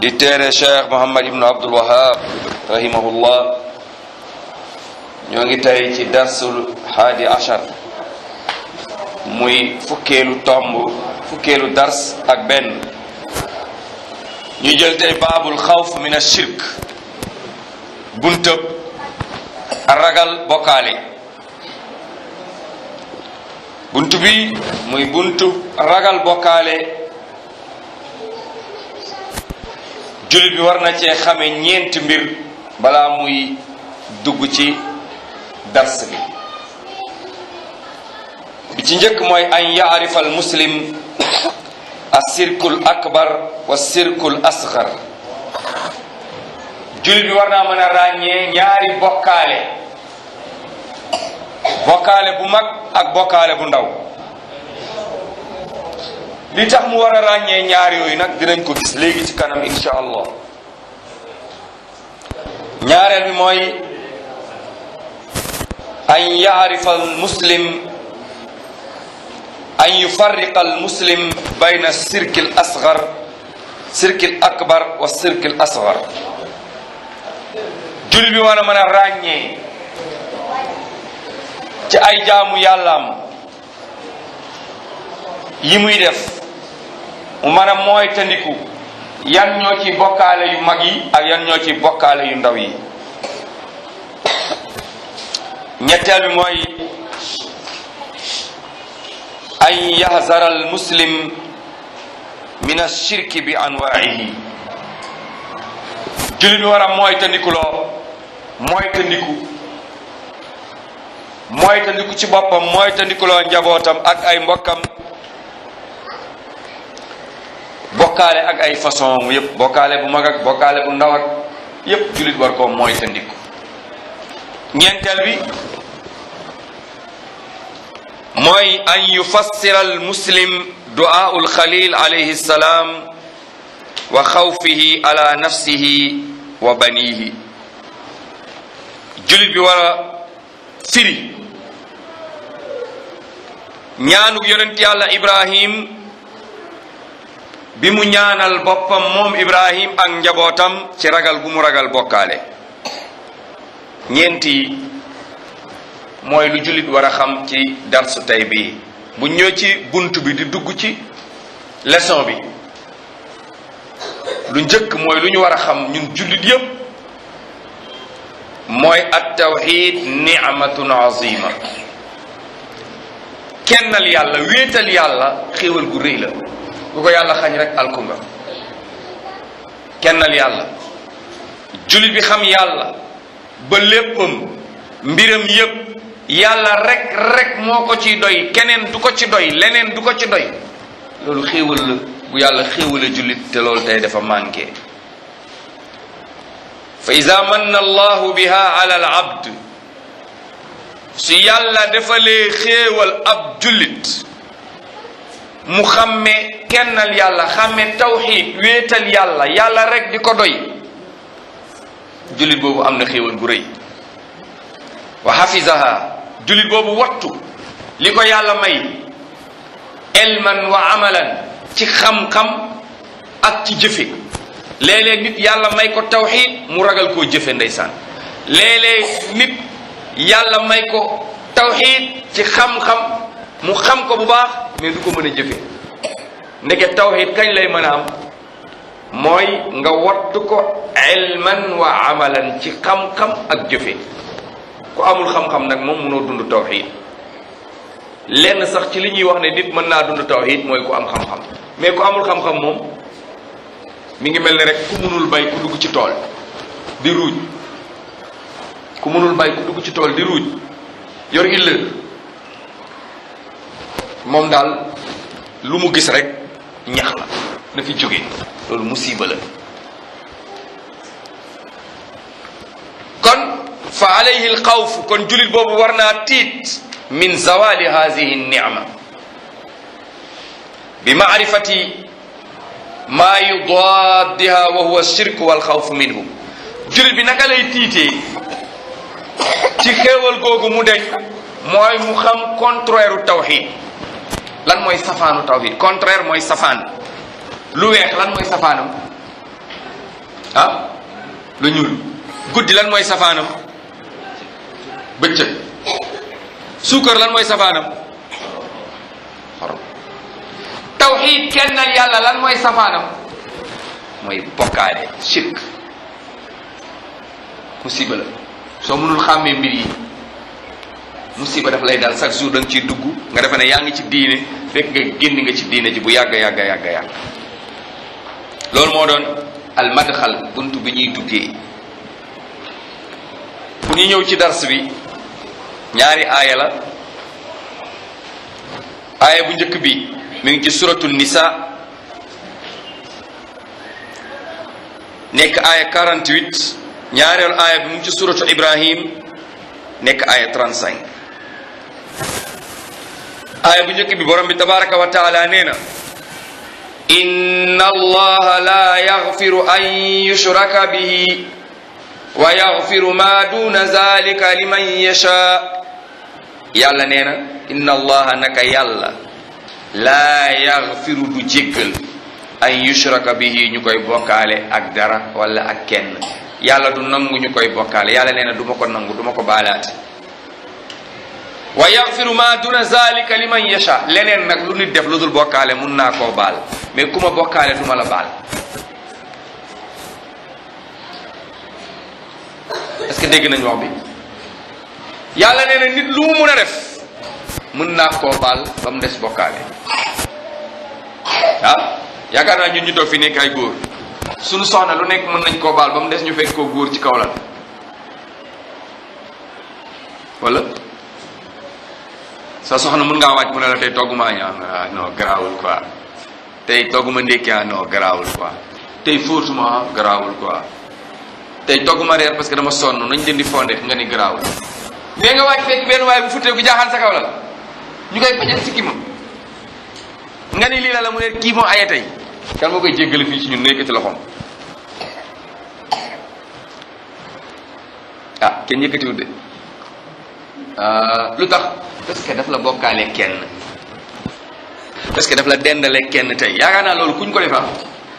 di téere cheikh mohammad ibnu abdul wahab ñoo ngi tey ci darsul haadi achar muy fukkeelu tomb fukkeelu dars ak benn ñu jël tey baabul xawf min ashirk buntëb ragal bokkaale bunt bi muy buntu ragal bokkaale jullit bi war na cee xame ñeenti mbir bala muy dugg ci dars bi bi ci njëkk mooy an yaarifa al muslim assirkul akbar wa sirkul asgar jullit bi war naa mën a ràññee ñaari bokkaale bokkaale bu mag ak bokkaale bu ndaw li tax mu war a ràññee ñaar yooyu nag dinañ ko gis léegi ci kanam insha allah ñaareel bi mooy an yaarifa almuslim an yufarriqa almuslim bayna sirki l asgar sirki l akbar sirki l jul bi war a mën a ràññee ci ay jaamu yàllaam yi muy def mu mën a mooy tandiku yan ñoo ci bokkaale yu mag yi ak yan ñoo ci bokkaale yu ndaw yi ñetteel bi mooy an yahzara muslim min ashirki bi anwaihi jullit bi war mooy tandiku loo mooy tandiku mooy ci boppam mooy tandiku loo njabootam ak ay mbokkam bokkaale ak ay façon mu yëpp bu mag ak bu ndaw ak yëpp war koo mooy te ñeenteel bi mooy an yufassira al muslim du'a khalil alayhi wa xawfihi ala nafsihi wa banihi jullit bi war a firi ñaanu yonent yàlla Ibrahim bi mu ñaanal boppam moom Ibrahim ak njabootam ci ragal bu mu ragal bokkaale ñeenti mooy lu jullit war a xam ci darsu tey bii bu ñëw ci bunt bi di dugg ci leçon bi lu njëkk mooy lu ñu war a xam ñun jullit yépp mooy at tawxid ni'matun azima kennal yàlla wéetal yàlla xéewal gu rëy la ku ko yàlla xañ rek alku kennal yàlla jullit bi xam yàlla ba léppam mbiram yépp yàlla rek rek moo ko ci doy keneen du ko ci doy leneen du ko ci doy loolu xéewal la bu yàlla xéewale julit te loolu tey dafa manqué fa ida manna allahu biha ala al abd su yàlla defalee xéewal ab julit mu xàmmee kennal yàlla xàmmee tawxiid wéetal yàlla yàlla rek di ko doy jullit boobu am na xéewal gu rëy wa hafizaha jullit boobu waxtu li ko yàlla may elman wa amalan ci xam-xam ak ci jëfe léeg nit yàlla may ko tawxiid mu ragal koo jëfe ndeysaan léeg nit yàlla may ko tawxiid ci xam-xam mu xam ko bu baax mais du ko mën a jëfe ndeke tawxid kañ lay mën a am mooy nga wattu ko ilman wa amalan ci xam-xam ak jëfe ku amul xam-xam nag moom mënoo dund tawxid lenn sax ci li ñuy wax ne nit mën naa dund tawxid mooy ku am xam-xam mais ku amul xam-xam moom mi ngi mel ne rek ku mënul bay ku dugg ci tool di ruuj ku mënul bay ku dugg ci tool di ruuj yor illa moom daal lu mu gis rek ñax la na fi jóge loolu musiba la kon fa alayhi l xawfu kon julit boobu war naa tiit min zawali hazihi nicma bi maarifati maa yudaaddiha wa huwa shirk wal xawfu minhu julit bi naka lay tiitee ci xéewal googu mu deñ mooy mu xam contraire u tawxid lan mooy safaanu tawhid contraire mooy safaan lu weex lan mooy safaanam ah lu ñuul guddi lan mooy safaanam bëccëg suukar lan mooy safaanam xorom kenn kennal yàlla lan mooy safaanam mooy bokkaale shirk musiba la soo mënul xàmmee mbir yi musiba daf lay daal chaque jour da nga ciy dugg nga defe ne yaa ngi ci diine fekk nga génn nga ci diine ji bu yàgg yàgg yàgg yàgg loolu moo doon almadxal bunt bi ñuy duggee bu ñu ñëw ci dars bi ñaari aaya la aaya bu njëkk bi mi ngi ci suratu nisa nekk aaya 48 ñaareelu aaya bi mu ngi ci suratu ibrahim nekk aaya 35 aaya bu njëkk bi borom bi tabaraka wa taala nee na inna allaha la yaxfiru an yushraka bihi wa yaxfiru ma duna zalika liman yasha yàlla nee na inna allaha naka yàlla laa yaxfiru du jéggal an yushraka bihi ñu koy bokkaale ak dara wala ak kenn yàlla du nangu ñu koy bokkaale yàlla nee na du ma ko nangu du ma ko baalaate wa yaxfiru ma duna zalika liman yasha leneen nag lu nit def lu dul bokkaale mun naa koo baal mais ku ma bokkaale du ma la baal est-ce que dégg nañu wax bi yàlla nee nit lu mu mun a def mën naa koo baal ba mu des bokkaale ah yaakaar naa ñun ñu toog fi nekk ay góor suñu soxna lu nekk mën nañ koo baal ba mu des ñu fekk koo góor ci kaw lan wala sa soxna mun ngaa waaj mu ne la tey ma añ ah non garaawul quoi tey togguma ndékki ah non garaawul quoi tey fóotuma ah garaawul quoi tey togguma reer parce que dama sonn nañ leen di fondé nga ni garaawul mais nga waaj fekk benn waaye bu futteeku jaaxaan sa kaw la ñu koy fajal ci kii ma nga ni lii la la mu ne kii moom aye kan moo koy jéggale fii ci ñun nekk loxoom ah kenn yëkkatiwut de Euh, lu tax parce que daf la bokkaale kenn parce que daf la dendale kenn tey yaakaar naa loolu kuñ ko defaa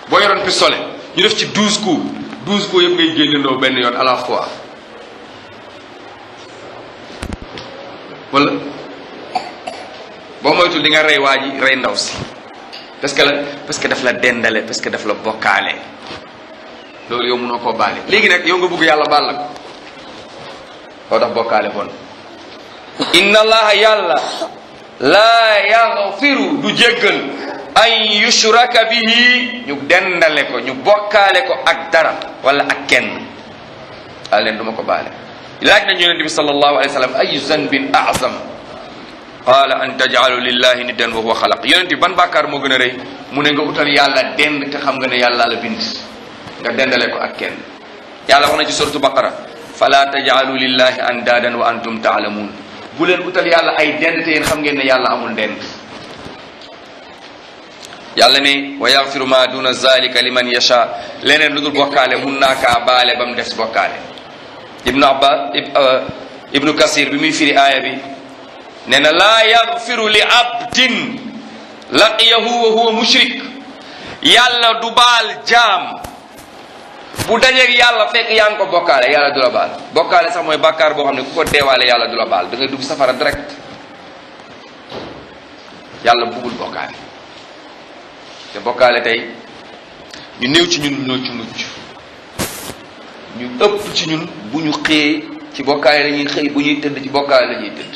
boo yoroon pistolet ñu def ci douze coups douze coups yëpp ngay génnandoo benn yoon à la fois wala boo moytul di nga rey waa ji rey ndaw si parce que la parce que daf la dendale parce que daf la bokkaale loolu yow munoo koo baale léegi nag yow nga bëgg yàlla baal la oo loo tax bokkaale bon inna allaha yàlla laa yaxfiru du jéggal an yushraka bihi ñu dendale ko ñu bokkaale ko ak dara wala ak kenn daal leen du ma ko baale laaj nañu yonente bi sallallahu alayhi wa sallam ayu zanbin azam qaala an tajcalu lillahi niddan wa huwa xalaq yonente bi ban bàkkaar moo gën a rëy mu ne nga utal yàlla dend te xam nga ne yàlla la bind nga dendale ko ak kenn yàlla wax na ci suratu baqara fala tajcalu lillahi andaadan wa antum taalamuun bu leen utal yàlla ay dend te yéen xam ngeen ne yàlla amul dend yàlla ne wa yaxfiru ma duna zalika liman yasha leneen lu dul bokkaale mun naa kaa baale ba mu des bokkaale ibnu abbas euh, ibnu kasir bi muy firi aaya bi nee na laa yaxfiru li abdin laqiyahu wa huwa mushrik yàlla du baal jaam bu dajeeg yàlla fekk yaa ngi ko bokkaale yàlla du la baal bokkaale sax mooy bàkkaar boo xam ne ku ko deewaale yàlla du la baal da ngay dugg safara direct yàlla buggul bokkaale te bokkaale tey ñu néew ci ñun ñoo ci mucc ñu ëpp ci ñun bu ñu xëyee ci bokkaale la ñuy xëy bu ñuy tëdd ci bokkaale la tëdd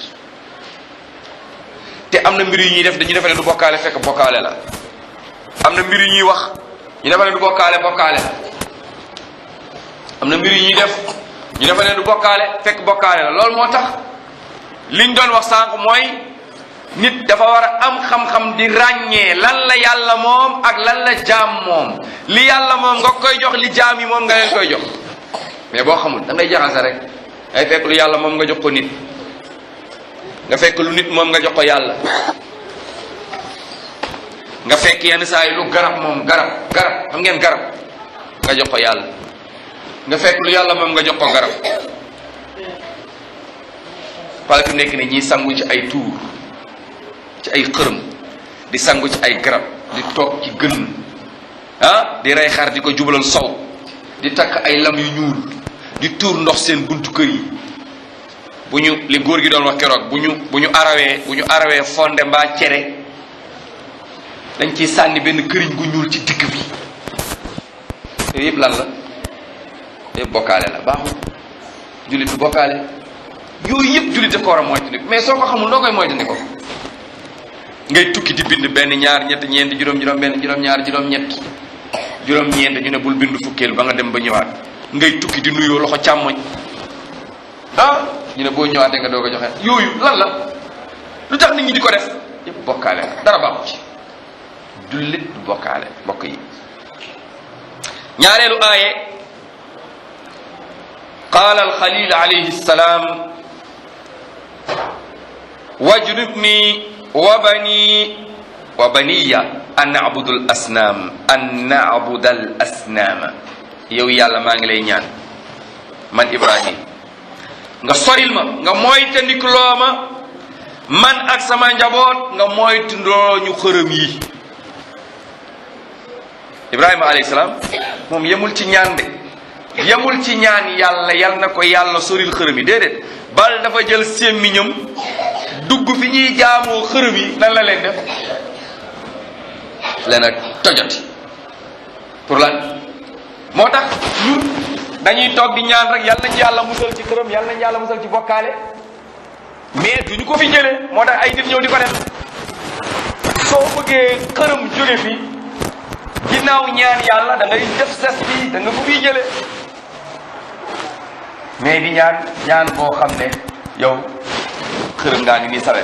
te am na mbir yu ñuy def dañuy defe ne du bokkaale fekk bokkaale la am na mbir yu ñuy wax ñu defe du bokkaale bokkaale la am na mbir yu ñuy def ñu defa ne du bokkaale fekk bokkaale la loolu moo tax liñ doon wax sànq mooy nit dafa war a am xam-xam di ràññee lan a yàlla moom ak lan la jaam moom li yàlla moom nga koy jox li jaam yi moom nga leen koy jox mais boo xamul dangay ngay rek ngay fekk lu yàlla moom nga jox ko nit nga fekk lu nit moom nga jox ko yàlla nga fekk yenn saa yi lu garab moom garab garab xam ngeen garab nga jox ko yàlla nga fekk lu yàlla moom nga jox ko garab parce que nekk ni ñiy sangu ci ay tuur ci ay xërëm di sangu ci ay garab di toog ci gën ah, di rey xar di ko jubalal sow di takk ay lam yu ñuul di tuur ndox seen buntu kër yi bu ñu li góor gi doon wax keroog bu ñu bu ñu arawee bu ñu fonde mbaa cere dañ ciy sànni benn këriñ gu ñuul ci digg bi yooyu yëpp lan la yëpp bokkaale la baaxul jullit du bokkaale yooyu yëpp jullit daf ko war mais soo ko xamul noo koy moytandiku ngay tukki di bind benn ñaar ñett ñeent juróom juróom benn juróom ñaar juróom ñett juróom ñeent ñu ne bul bindu fukkeel ba nga dem ba ñëwaat ngay tukki di nuyoo loxo càmmoñ ah ñu ne boo ñëwaatee nga doog a joxe yooyu lan la lu tax nit ñi di ko def yëpp bokkaale la bokkaale bokk yi ñaareelu aaye qaala alxalil alayhi salaam wajnubni wa bani an nabudu al asnaam an nabuda al asnaama yow yàlla maa ngi lay ñaan man ibrahim nga soril nga moytandiku loo ma man ak sama njaboot nga moytandoo ñu xërëm yi ibrahima alayhi salaam moom yemul ci ñaan de yamul ci ñaan yàlla yal na ko yàlla soril xërëm yi déedéet bal dafa jël sémmiñam dugg fi ñuy jaamoo xërëm yi nan la leen def leen a tojoti pour lan moo tax ñun dañuy toog di ñaan rek yal nañ yàlla musal ci xërëm yal nañ yàlla musal ci bokkaale mais duñu ko fi jëlee moo tax ay nit ñëw di ko def soo bëggee xërëm jóge fi ginnaaw ñaan yàlla da ngay def ses bi da nga ko di ñaan ñaan xam ne yow xërëm ngaa ngi nii sawe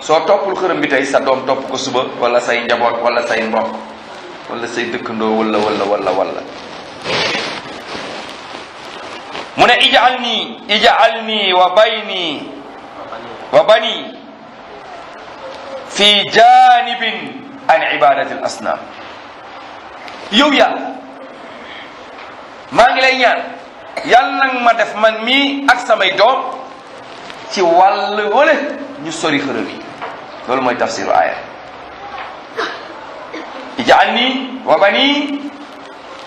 soo toppul xërëm bi tey sa doom topp ko suba wala say njaboot wala say mbokk wala say dëkkandoo wala wala wala wala mu ne ijaal nii ijaal nii wa bayni wa bani fi janibin an ibadati al yow yàlla maa ngi lay ñaan yàlla nag ma def man mii ak samay doom ci wàll wala ñu sori xërëm yi loolu mooy tafsiru aaya ij'alni wa bani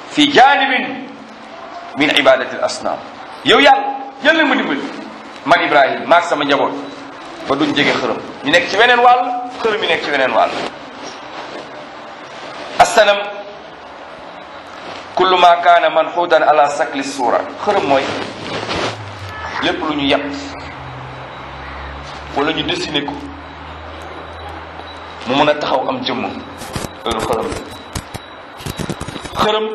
fi janibin min ibadati al asnam yow yàlla yàlla ma dimbali man ibrahim maag sama njaboot ba duñ jege xërëm ñu nekk ci weneen wàll xërëm yi nekk ci weneen wàll asanam kullu ma kaana manxuudan ala sakli suura xërëm mooy lépp lu ñu yàq wala ñu dessiné ko mu mën a taxaw am jëmm loolu xërëm xërëm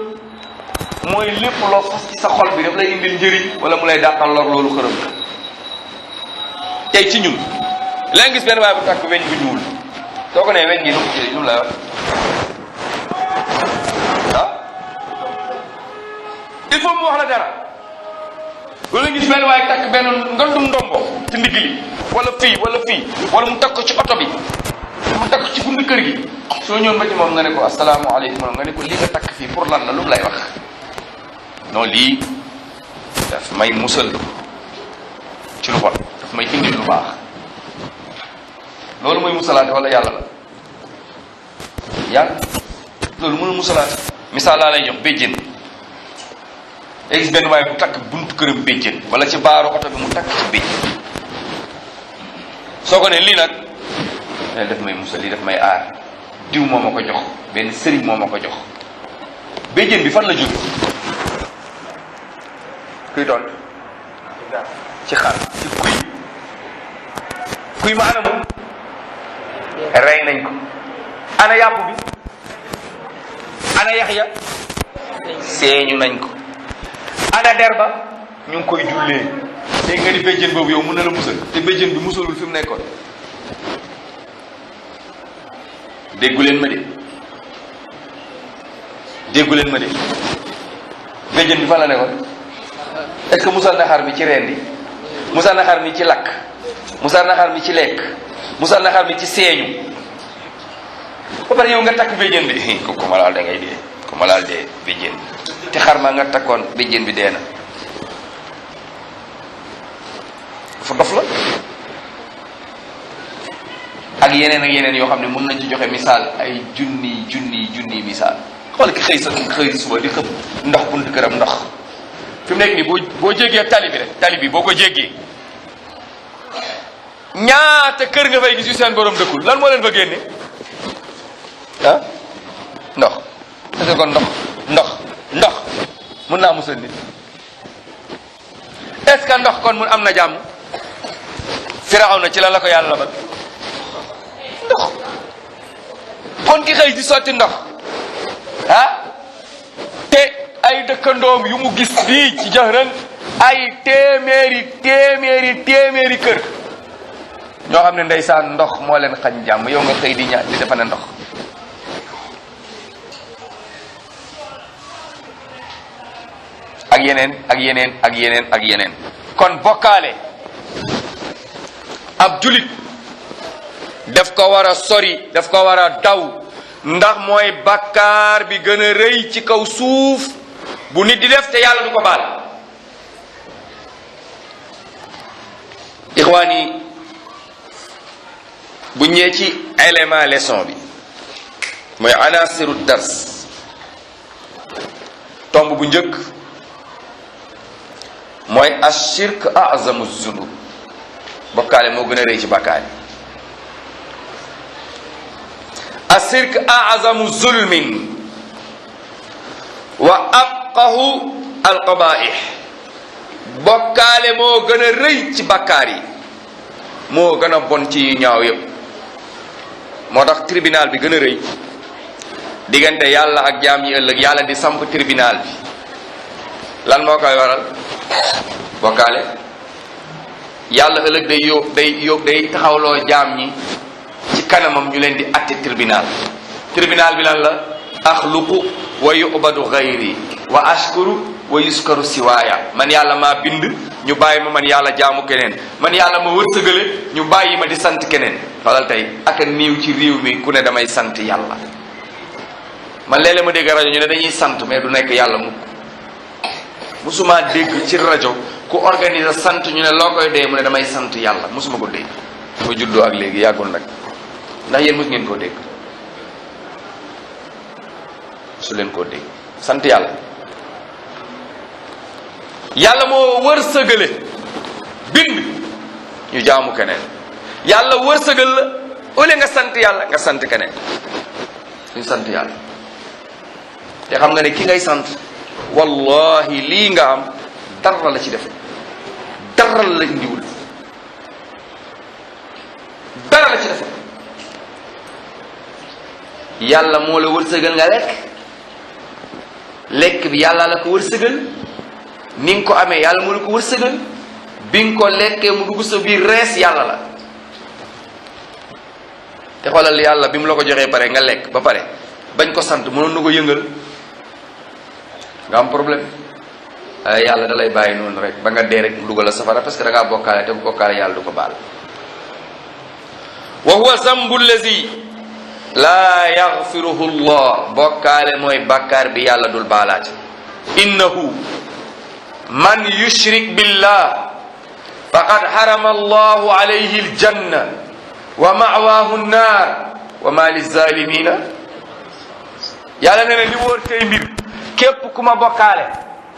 mooy lépp loo fas ci sa xol bi daf lay indil njëriñ wala mu lay dàqal loolu xërëm tey ci ñun laa gis benn waaye bu tàkk weñ bu ñuul soo ko nee weñ gi nu mu jëriñ il wax la dara wala gis benn waaye takk wala fii wala fii wala mu takk ko ci oto bi mu ci buntu kër gi soo ñëwoon ba nga ne ko asalaamaaleykum nga ne ko lii nga takk pour lan la lu lay wax non may musal may indi lu loolu mooy musalaate wala yàlla la yàlla loolu mënul musalaate misaal laa lay jox nga gis benn waaye bu takk buntu këram béjjén wala ci baaru oto bi mu takk ci béjjén soo ko ne lii nag lii daf may musal lii daf may aar diw moo ma jox benn sëriñ moom ma ko jox béjjén bi fan la jóge kuy doon ci xar ci kuy kuy ma anamu rey nañ ko ana yàpp bi ana yax ya seeñu nañ ko ana der ba ñu ngi koy jullee léegi nga di béjjén boobu yow mën na la musal te béjjén bi musalul fi mu nekkoon déggu leen ma de déggu leen ma de béjjén bi fan la nekkoon est-ce que musal na xar mi ci reen bi musal na xar mi ci lakk musal na xar mi ci lekk musal na xar mi ci seeñu ba pare yow nga takk béjjén bi ku ko ma laal da ngay ku ma laal dee béjjén te xar ma nga takkoon béjjén bi dee na dafa dof la ak yeneen ak yeneen yoo xam ne mën nañ ci joxe misaal ay junni junni junni misaal xool ki xëy sa xëy si suba di xëpp ndax bunt këram ndox fi nekk nii boo boo jéggee tali bi rek tali bi boo ko jéggee ñaata kër nga fay gis seen borom dëkkul lan moo leen fa génne ah ndox ndox ndox ndox mun naa musal nit est-ce que ndox kon mun am na jàmm na ci la la ko yàlla labal ndox kon ki xëy di sotti ndox ah te ay dëkkandoom yu mu gis fii ci Jahran ay téeméeri téeméeri téeméeri kër ñoo xam ne ndeysaan ndox moo leen xañ jàmm yow nga xëy di ñaan di defa ndox ak ak yeneen ak yeneen ak yeneen kon bokkaale ab julit daf ko war sori daf ko wara a daw ndax mooy bakkaar bi gën a rëy ci kaw suuf bu nit di def te yàlla du ko baal ixwaan yi bu ñëwee ci élément leçon bi mooy anasiru dars tomb bu njëkk mooy ashirk azamu zunub bokkaale moo gën a rëy ci bàkkaar yi ashirk azamu zulmin wa abqahu alqabaih bokkaale moo gën a rëy ci bàkkaar yi moo gën a bon ci ñaaw yëpp moo tax tribunal bi gën a rëy diggante yàlla ak jaam yi ëllëg yàlla di samp tribunal bi lan moo koy waral bokkaale yàlla ëllëg day yóbbu day yóbbu day taxawloo jaam ñi ci kanamam ñu leen di atte tribunal tribunal bi lan la axluqu wa yubadu gayri wa ashkuru wa yuskaru siwaaya man yàlla ma bind ñu bàyyi ma man yàlla jaamu keneen man yàlla ma wërsëgale ñu bàyyi ma di sant keneen walla tey ak a niiw ci réew bi ku ne damay sant yàlla man léeg-léeg ma dégg rajo ñu ne dañuy sant mais du nekk yàlla mukk musuma dégg ci rajo ku organiser sant ñu ne loo koy dee mu ne damay sant yàlla musuma ko dégg ma juddoo ak léegi yàggul nag ndax yéen mus ngeen koo dégg su leen koo dégg sant yàlla yàlla moo wër sëgale bind ñu jaamu keneen yàlla wër sëgal la ole nga sant yàlla nga sant keneen ñu sant yàlla te xam nga ne ki ngay sant wallahi lii nga am dara la ci def dara la indiwul dara la ci def yàlla moo la wërsëgal nga lekk lekk bi yàlla la ko wërsëgal ni nga ko amee yàlla moo la ko wërsëgal bi nga ko lekkee mu dugg sa biir rees yàlla la te xoolal yàlla bi mu la ko joxee pare nga lekk ba pare bañ ko sant mënoon na ko yëngal nga am problème eh, yàlla da lay bàyyi noonu rek ba nga dee rek mu dugal la safara parce que da ngaa bokkaale te bu bokkaale yàlla du ko baal wa huwa zambu lazi laa yaxfiruhu llah bokkaale mooy bàkkaar bi yàlla dul baalaat innahu man yushrik billah faqad harama allahu alayhi aljanna wa ma'waahu nnaar wa ma lizzalimina yàlla ne ne li wóor tey mbir képp ku ma bokkaale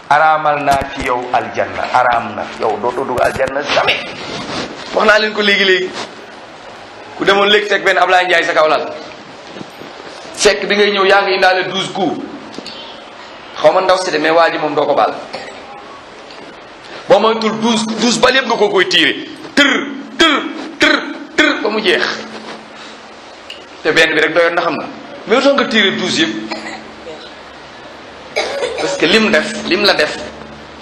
araamal naa ci yow aljanna araam na yow doo dugg aljanna jamais wax naa leen ko léegi-léegi ku demoon léegi teg benn Ablaye Ndiaye sa kaw lal fekk bi ngay ñëw yaa ngi indaale douze coups xaw ma ndaw si de mais waa moom doo ko baal boo moytul douze douze bal yëpp nga ko koy tiire tër tër tër tër ba mu jeex te benn bi rek doyoon na xam na mais soo nga tiire douze yëpp parce que lim def lim la def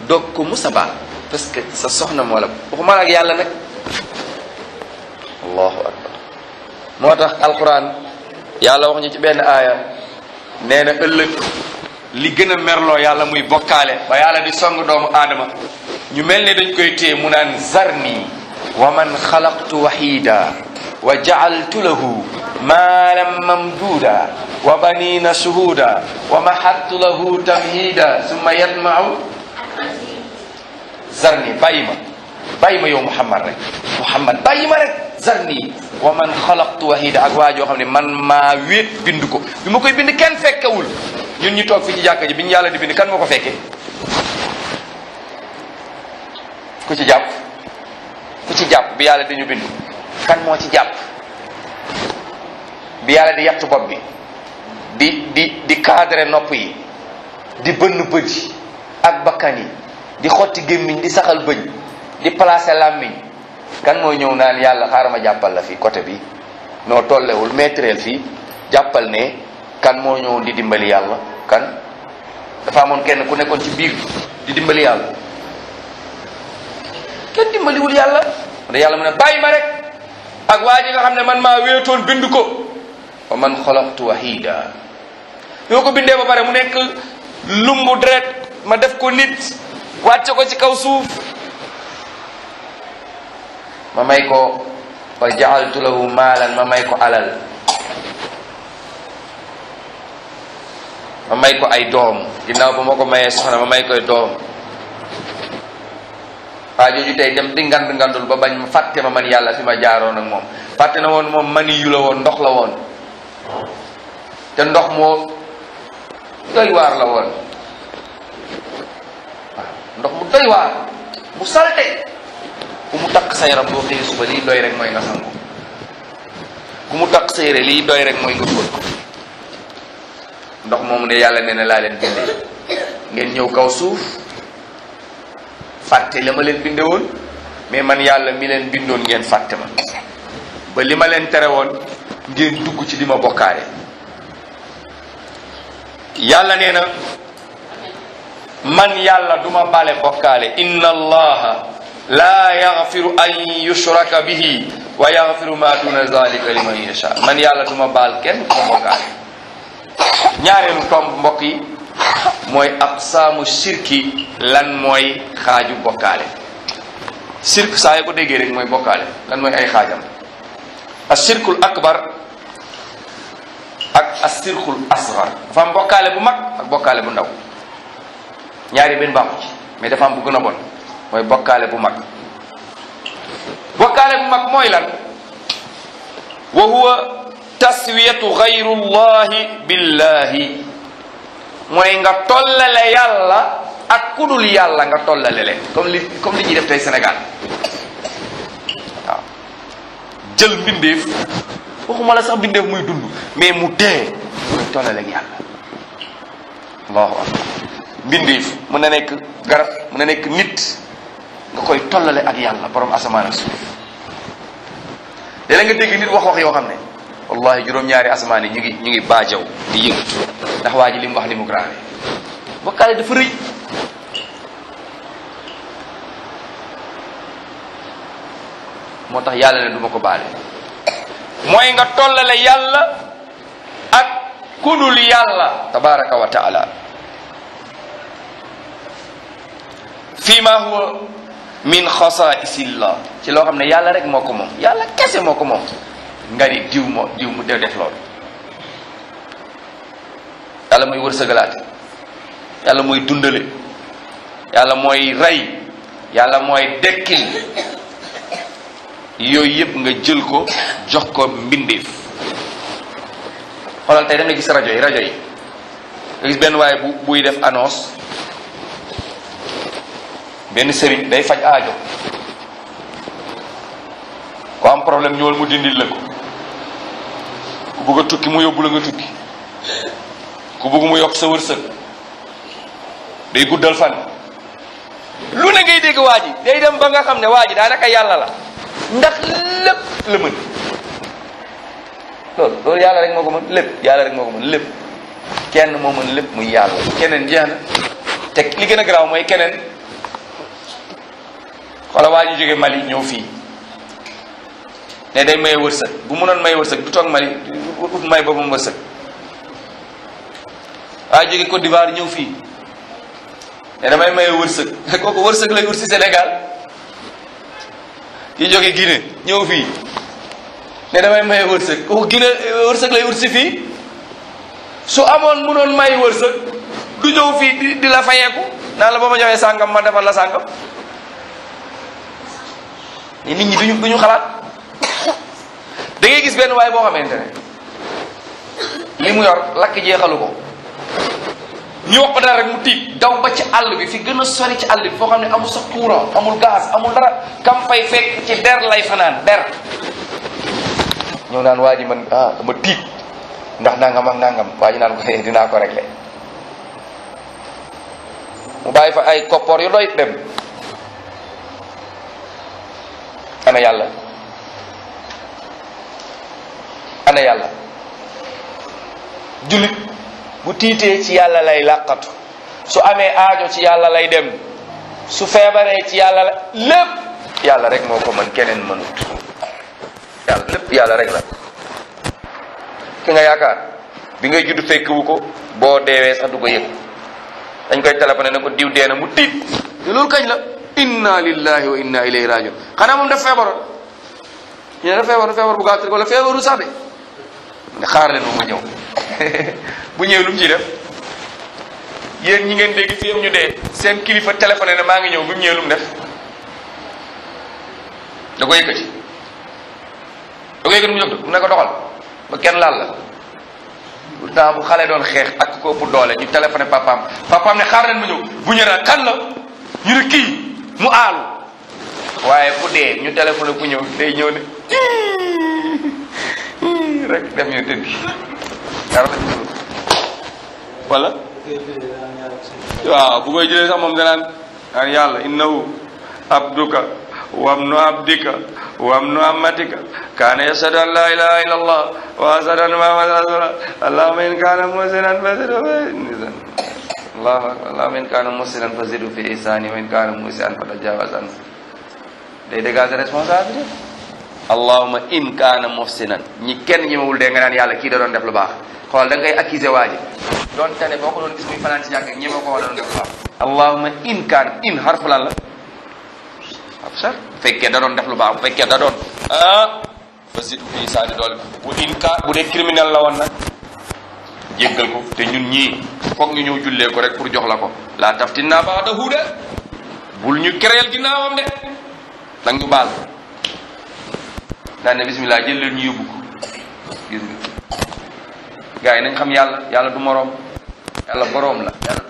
doog ko musa baal parce que sa soxna moo la waxuma ak yàlla nag allahu akbar moo tax alquran yàlla wax ñu ci benn aaya nee na ëllëg li gën a merloo yàlla muy bokkaale ba yàlla di song doomu aadama ñu mel ne dañ koy téye mu naan zarni wa man xalaqtu wahida wa jaaltu lahu مالا ممدودا وبنين شهودا ومحدت له تمهيدا ثم يطمع zarni bàyyi ma bàyyi ma yow muhammad rek muhammad bàyyi ma rek zarni wa man xalaqtu wahida ak waa joo xam ne man maa wéet bind ko bi ma koy bind kenn fekkewul ñun ñu toog fi ci jàkka ji bi ñu yàlla di bind kan moo ko fekkee ku ci jàpp ku ci jàpp bi yàlla dañu bind kan moo ci jàpp bi yàlla di yattu bopp bi di di di nopp yi di bënn bët yi ak bakkan yi di xotti gémmiñ di saxal bëñ di placer làmmiñ kan mooy ñëw naan yàlla xaaral ma jàppal la fii côté bi noo tollewul maitréel fii jàppal ne kan moo ñëwoon di dimbali yàlla kan dafa amoon kenn ku nekkoon ci biir di dimbali yàlla kenn dimbaliwul yàlla da yàlla mu ne bàyyi ma rek ak waa ji xam ne man maa wéetoon bind ko wa man xalaqtu wahida yoo ko bindee ba pare mu nekk lumbu deret ma def ko nit wàcce ko ci kaw suuf ma may ko wa jaaltu lahu maalan ma may ko alal ma may ko ay doom ginnaaw ba moo ko mayee soxna ma may koy doom waa jooju tey dem di ngand ngandul ba bañ ma fàtte ma man yàlla fi ma jaaroon ak moom fàtte na woon moom mani yu la woon ndox la woon te ndox moo doy waar la woon waaw ndox mu doy waar mu salte ku mu takk sa yaram boo xëyee suba lii doy rek mooy nga sangu ku mu takk sa yére lii doy rek mooy nga fóot ko ndox moomu ne yàlla nee na laa leen bindee ngeen ñëw kaw suuf fàtte la ma leen binde mais man yàlla mi leen bindoon ngeen fàtte ma ba li ma leen tere woon ngeen dugg ci li ma bokkaale yàlla nee na man yàlla duma bale bokkaale inna allaha laa yaxfiru an yushraka bihi wa yaxfiru ma duna zalika liman yasha man yàlla duma baal kenn bokkaale ñaareelu tomb mbokk yi mooy aqsaamu sirki lan mooy xaaju bokkaale sirk saa yoo ko mooy bokkaale lan mooy ay xaajam as sirkul akbar ak asirkul asgar dafa bokkaale bu mag ak bokkaale bu ndaw ñaari benn baaxu ci mais dafa am bu bon mooy bokkaale bu mag bokkaale bu mag mooy lan wa huwa taswiyatu gayrullahi billahi mooy nga tollale yàlla ak kudul yàlla nga tollale le comme li comme li ñuy def tey Sénégal jël mbindeef waxuma la sax bindeef muy dund mais mu dee muy tollal ak yàlla mën na nekk garab mën na nekk nit nga koy tollale ak yàlla borom asamaan ak suuf léeg nga dégg nit wax wax yoo xam ne wallahi juróom-ñaari asamaan yi ñu ngi ñu ngi baajaw di yëngatu ndax waa ji li mu wax ni mu grave bokkaale dafa rëy moo tax yàlla ne du ma ko baale mooy nga tollale yàlla ak kudul yàlla tabaraka wa taala fii ma huwa min xasaisillah ci loo xam ne yàlla rek moo ko moom yàlla kese moo ko moom nga ni diw moo diw mu def loolu yàlla mooy wërsëgalaate yàlla mooy dundale yàlla mooy rey yàlla mooy dekkil yooyu yëpp nga jël ko jox ko mbindeef xoolal tey da gis rajo yi rajo yi nga gis benn waaye bu buy def annonce benn sëriñ day faj ajo ko am problème ñëwal mu dindil la ku bëgg a tukki mu yóbbu la nga tukki ku bëgg mu yokk sa wërsëg day guddal fan lu ne ngay dégg waa ji day dem ba nga xam ne waa ji daanaka yàlla la ndax lépp la mën loolu yàlla rek moo ko mën lépp yàlla rek moo ko mën lépp kenn moo mën lépp muy yàlla keneen jeex na te li gën a garaaw mooy keneen xoola waa ji jóge Mali ñëw fii ne day maye wërsëg bu mënoon maye wërsëg du toog Mali ut may boppam wërsëg waa jóge Côte d'Ivoire ñëw fii ne damay maye wërsëg kooku wërsëg lay ut si Sénégal ki jóge Guinée ñëw fii ne damay maye wërsëg kooku Guinée eh, wërsëg lay ut si fii su amoon mënoon may wërsëg du ñëw fii di la fayeeku naan la ba ma joxee sàngam ma defal la sàngam nit ñi duñu ñu xalaat dangay gis benn waay boo xamante ne li mu yor lakk jeexalu ko ñu wax ko rek mu tiit daw ba ci àll bi fi gën a sori ci àll bi foo xam ne amul sax courant amul gaz amul dara kam fay fekk ci der lay fanaan der ñëw naan waa ji man ah, ma tiit ndax nangam ak nangam waa naan ko xëy eh, dinaa ko réglé mu bàyyi fa ay koppoor yu dem ana yàlla ana yàlla jullit bu tiitee ci yàlla lay làqatu su amee aajo ci yàlla lay dem su feebaree ci yàlla la lépp yàlla rek moo ko mën keneen mënut yàlla lépp yàlla rek la ki nga yaakaar bi ngay judd fekk ko boo deewee sax du ko yëg dañ koy téléphoné na ko diw dee na mu tiit loolu kañ la inna lillahi wa inna ilayhi rajiun xanaa moom daf feebaroon ñu ne daf feebaroon feebar bu gàtt wala feebaru sax de ne xaar leen ma ñëw bu ñëwee lu mu ciy def yéen ñi ngeen dégg ci yéen ñu dee seen kilifa téléphoné ne maa ngi ñëw bi mu ñëwee def da ko yëkkati da ko yëkkati mu jox mu ne ko doxal ba kenn laal la pourtant bu xale doon xeex ak ko ëpp doole ñu téléphoné papaam papaam ne xaar leen ma ñëw bu ñëwee kan la ñu ne kii mu aalu waaye bu dee ñu téléphoné bu ñëw day ñëw ne rek def ñu tëddi dara lañ ko wala waaw bu koy jëlee sax moom danaan daan yàlla innahu abduka wabnu abdika wabnu amatika kaana yashhadu an laa ilaha illa allah wa ashhadu anna muhammadan rasulullah allahumma in kaana musinan fasidu allahu akbar allahumma in kaana musinan fasidu fi ihsani wa in kaana musian fatajawaz an day allahuma in kaana muhsinan ñi kenn ñemewul dee nga naan yàlla kii da doon def lu baax xool da ngay accuser waa ji doon tane boo ko doon gis muy fanaan ci jàkk ko da doon def lu baax allahuma in kaana in xarfu la ab sar bu fekkee da doon def lu baax bu fekkee da doon ah ba sidu fii saani dool bu dee criminel la woon nag jéggal ko te ñun ñi foog ñu ñëw jullee ko rek pour jox la ko laa taftin naa baax da huude bul ñu kereel ginnaawam de nag ñu baal daan ne bismillah jël leen ñu yóbbu ko gis nga yi nañ xam yàlla yàlla du moroom yàlla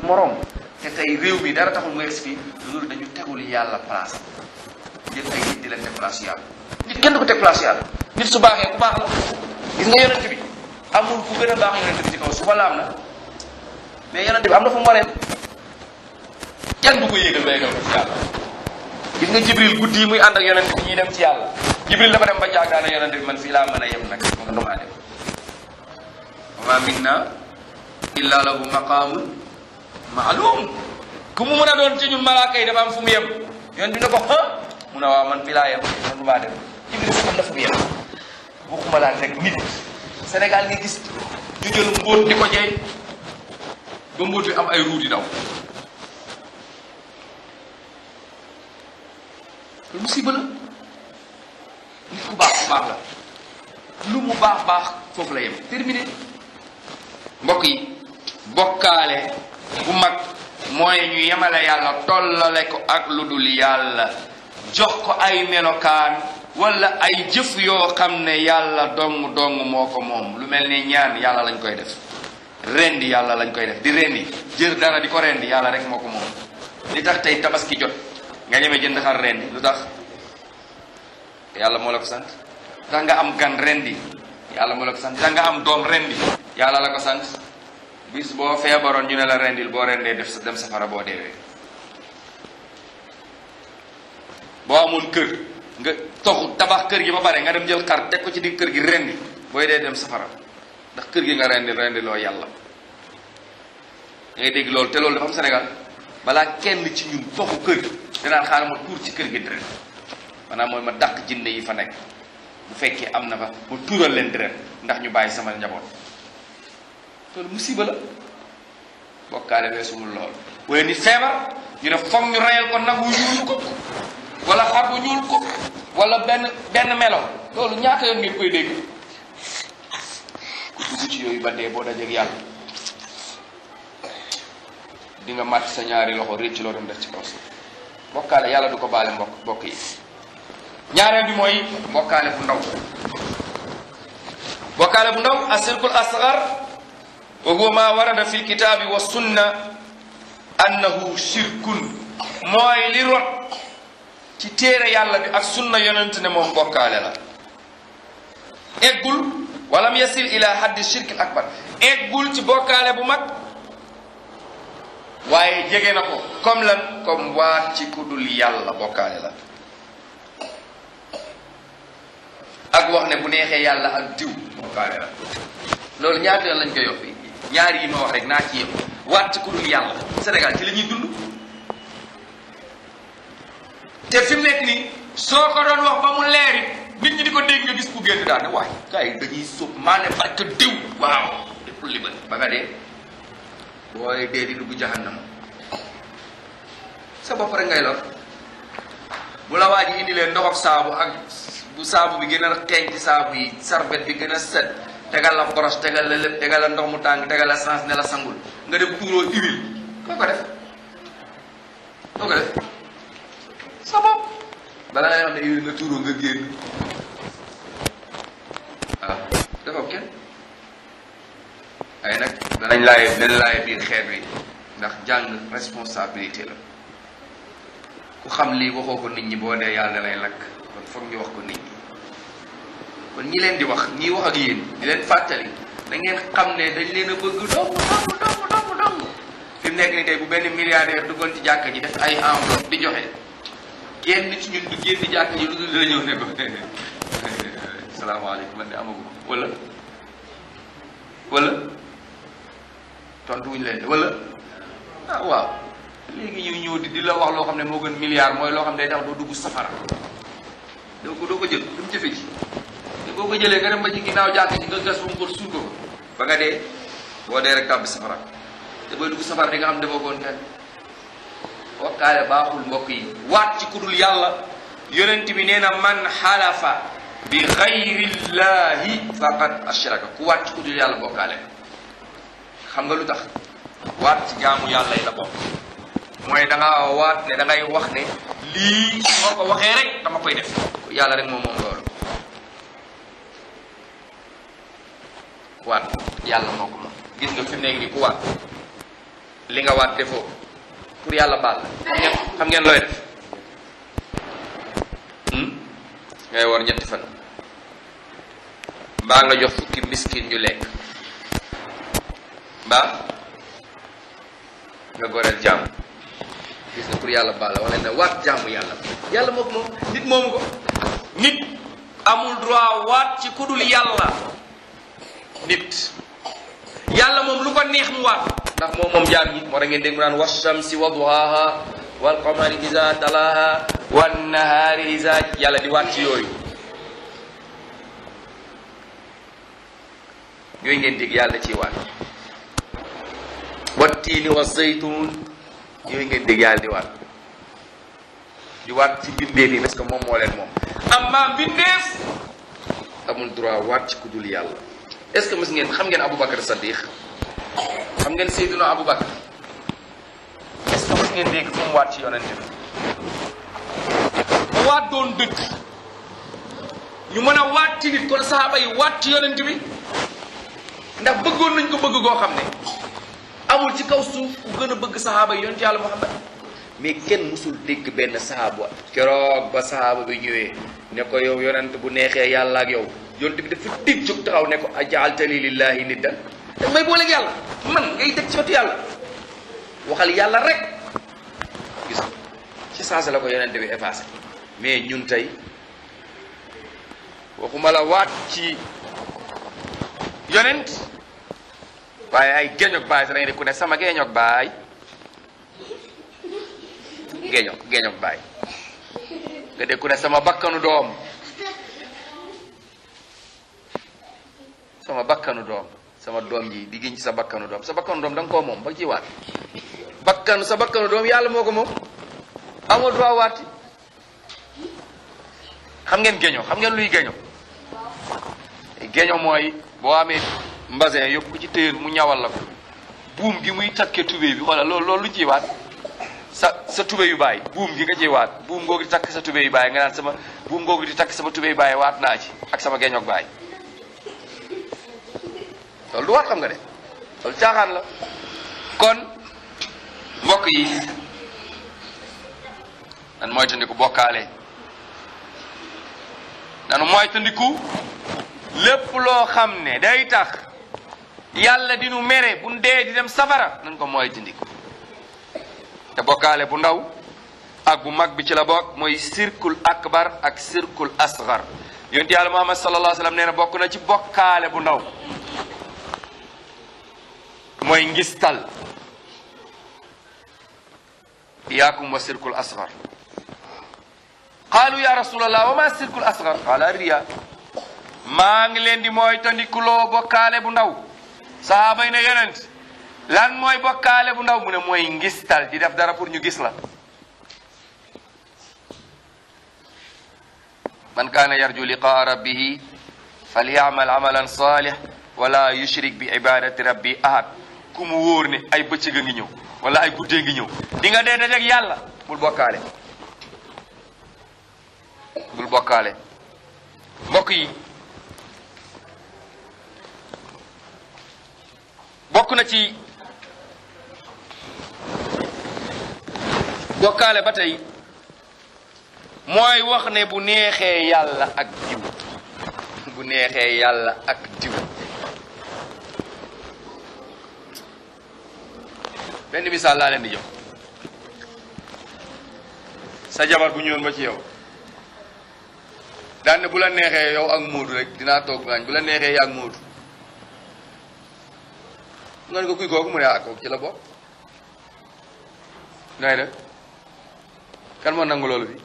moroom te réew mi dara taxul mu egsi yàlla place jël ko teg su baax la yonent bi amul a baax bi am na fu mu waree kenn du ko yéegal ba yéegal ko ci yàlla gis nga jibril guddi yi muy ànd ak yonent bi ñuy dem ci yàlla jibril dafa dem ba jaag daana yonente bi man fii laa mën a yem nag moom dumaa dem wa minna illa lahu maqaamun maalum ku mu mën a doon ci ñun yi dafa am fu mu yem yoon bi ne ko ha mu ne waaw man fii laa yem man dumaa dem jibril xam na fu mu yem waxuma laa rek nit Sénégal nga gis ñu jël mbóot di ko jeey ba mbóot bi am ay ruudi daw baax lu mu baax baax foofu la yem terminé mbokk yi bokkaale bu mag mooy ñu yemale yàlla tollale ko ak lu dul yàlla jox ko ay melokaan wala ay jëf yoo xam ne yàlla dong dong moo ko moom lu mel ni ñaan yàlla lañ koy def rendi yàlla lañ koy def di rendi jër dara di ko rendi yàlla rek moo ko moom li tax tey tabaski jot nga ñeme jënd xar rendi lu tax yàlla moo la ko sant da nga am gan rendi yàlla moo la ko sant da nga am doom rendi yàlla la ko sant bis boo feebaroon ñu ne la rendil boo rendee def sa dem safara boo deewee boo amoon kër nga toxu tabax kër gi ba pare nga dem jël xar teg ko ci digg kër gi rendi booy dee dem safara ndax kër gi nga rendi rendi loo yàlla da dégg loolu te loolu dafa am Sénégal balaa kenn ci ñun toxu kër dinaan xaaral ma tuur ci kër gi dren maanaam mooy ma dàq jinne yi fa nekk bu fekkee am na fa bu tuural leen deret ndax ñu bàyyi sama njaboot loolu musiba la bokkaale weesumul lool wala nit feebar ñu ne foog ñu reyal ko nag wu ñuul ko wala xar bu ko wala benn benn melo loolu ñaata yoon ngeen koy dégg ku dugg ci yooyu ba dee boo dajeeg yàlla dinga nga sa ñaari loxo récc loo doon def ci kaw si yàlla du ko baale mbokk mbokk yi ñaareel bi mooy bokkaale bu ndaw bokkaale bu ndaw asirkul asgar wa huwa ma warada fi lkitaabi wa sunna annahu shirkun mooy li rot ci téere yàlla bi ak sunna yonent ne moom bokkaale la eggul walam yasil ila haddi shirkil akbar eggul ci bokkaale bu mag waaye jege na ko comme lan comme waat ci ku yàlla bokkaale la ak wax ne bu neexee yàlla ak diw loolu ñaata lañ koy wax fii ñaar yi ma wax rek naa ci yëpp waat ku dul yàlla Sénégal ci la dund te fi mu nekk nii soo ko doon wax ba mu leeri nit ñi di ko dégg nga gis ku génn daal ne waaye kay dañuy sóob maa ne diw waaw lépp li ba ba nga dee booy dee di dugg jahannama sa bopp rek ngay lor bu la waa ji indi saabu ak bu saabu bi gën a xeeñ ci saabu yi sarbet bi gën a set tegal la brosse tegal la lépp tegal la ndox mu tàng tegal la sens ne la sangul nga dem kuuroo huile koo ko def koo def sa bopp ngay wax ne tuuroo nga génn dafa kenn ay nag danañ laaye biir xeet wi ndax jàng responsabilité la ku xam lii waxoo ko nit ñi boo dee yàlla lay lakk foog ñu wax ko nit kon ñi leen di wax ñi wax ak yéen di leen fàttali dangeen ngeen xam ne dañ leen a bëgg dong dong dong dong dong fi mu nekk ni tey bu benn milliardaire duggoon ci jàkka ji def ay enveloppe di joxe kenn ci ñun du génn jàkka ji lu dul ñëw ne ko salaamaaleykum man de amagu wala wala leen wala ah waaw léegi ñu ñëw di di la wax loo xam ne moo gën milliard mooy loo xam ne day tax dugg safara doo ko doo ko jël du mu jëfe ji te boo ko jëlee nga dem ba ci ginnaaw jàkk ji nga gas ba mu ko ko ba nga dee boo dee rek tàbbi safara te ba dugg safara di nga xam defoo koon kenn wakkaale baaxul mbokk yi waat ci kudul yàlla yonent bi nee na man xalafa bi xayrillahi faqad ashraka ku waat ci kudul yàlla bokkaale xam nga lu tax waat ci jaamu yàlla yi la bokk mooy da waat ne da wax ne lii moo ko waxee rek dama koy def yàlla rek moom moom loolu waat yàlla moo ko moom gis nga fi mu nekk nii ku waat li nga waat defoo pour yàlla baal la xam ngeen xam ngeen looy def hmm? ngay war ñetti fan mbaa nga jox fukki miskin ñu lekk mbaa nga goreel jàmm gis na pour yàlla baal la wane na waat jàmm yàlla yàlla moo ko moom nit moomu ko nit amul droit waat ci kudul yàlla nit yàlla moom lu ko neex mu waat ndax moom moom jaam yi moo tax ngeen dégg mu daan wa shamsi wa duhaaha wal qamari iza talaaha wan nahaari iza yàlla di waat ci yooyu yooyu ngeen dégg yàlla ciy waat wa tiini wa zaytuun yooyu ngeen dégg yàlla di waat di waat ci mbindeef yi parce que moom moo leen moom amma mbindeef amul droit waat ci ku dul yàlla est-ce que mës ngeen xam ngeen Aboubacar Saddiq xam ngeen Seydina Aboubacar est-ce ngeen dégg fu mu waat ci yonent bi waat doon dëgg ñu mën a waat ci nit kon saxaaba yi waat ci yonent bi ndax bëggoon nañ ko bëgg goo xam ne amul ci kaw suuf ku gën a bëgg saxaaba yi yonent yàlla Muhammad mais kenn musul dégg benn saxaaba keroog ba saxaaba bi ñëwee ne ko yow yonent bu neexee yàlla ak yow yonent bi dafa dig jóg taxaw ne ko ajaaltani lillahi niddan dag may booleeg yàlla man ngay teg ci wetu yàlla waxal yàlla rek gis ci saasa la ko yonent bi effacé mais ñun tey waxuma la waat ci yonent waaye ay géeñook baay sax da ngay def ku ne sama géeñook baay géeñook géeñook baay nga dégg ne sama bakkanu doom sama bakkanu doom sama doom ji di giñ ci sa bakkanu doom sa bakkanu doom da nga moom ba ci waat bakkanu sa bakkanu doom yàlla moo ko moom amoo droit waati xam ngeen géeñoo xam ngeen luy géeñoo géeñoo mooy boo amee mbasin yóbbu ko ci téer mu ñawal la ko buum gi muy takkee tubéy bi xoolal loolu loolu lu ciy waat sa sa tubéy yu bàyyi buum gi nga ciy waat buum gi di takk sa tubéy yu bàyyi nga sama buum googu di takk sama tubéy yu bàyyi waat naa ci ak sama geñoog bàyyi loolu du waat xam nga de loolu caaxaan la kon mbokk yi nan moytandiku bokkaale nanu moytandiku lépp loo xam ne day tax yàlla dinu mere bu dee dem safara nañ ko mooy dindi ko bokkaale bu ndaw ak bu mag bi ci la bokk mooy sirkul akbar ak sirkul asgar yonent yàlla muhammad sallallahu alayhi wa sallam na bokk na ci bokkaale bu ndaw mooy ngistal iyaakum wa sirkul asgar qaalu ya rasulallah wa ma sirkul asgar qaala riya maa ngi leen di mooy tandikuloo bokkaale bu ndaw sahaaba yi ne lan mooy bokkaale bu ndaw mu ne mooy ngistal di def dara pour ñu gis la man kaana yarju liqaa rabbihi falyamal amalan salih wala yushrik bi ibadati rabbi ahad ku mu wóor ne ay bëccëg a ngi ñëw wala ay guddee ngi ñëw di dee dajeeg yàlla bul bokkaale bokkaale yi bokk na ci bokkaale ba tey mooy wax ne bu neexee yàlla ak diw bu neexee yàlla ak diw benn misaal laa leen di jox sa jabar bu ñëwoon ba ci yow daane bu la neexee yow ak Moodu rek dinaa toog ngaañ bu la neexee yaa ak Moodu nga ne ko kuy kooku mu ne ah kooku ci la bokk nooy def kan moo nangu loolu bi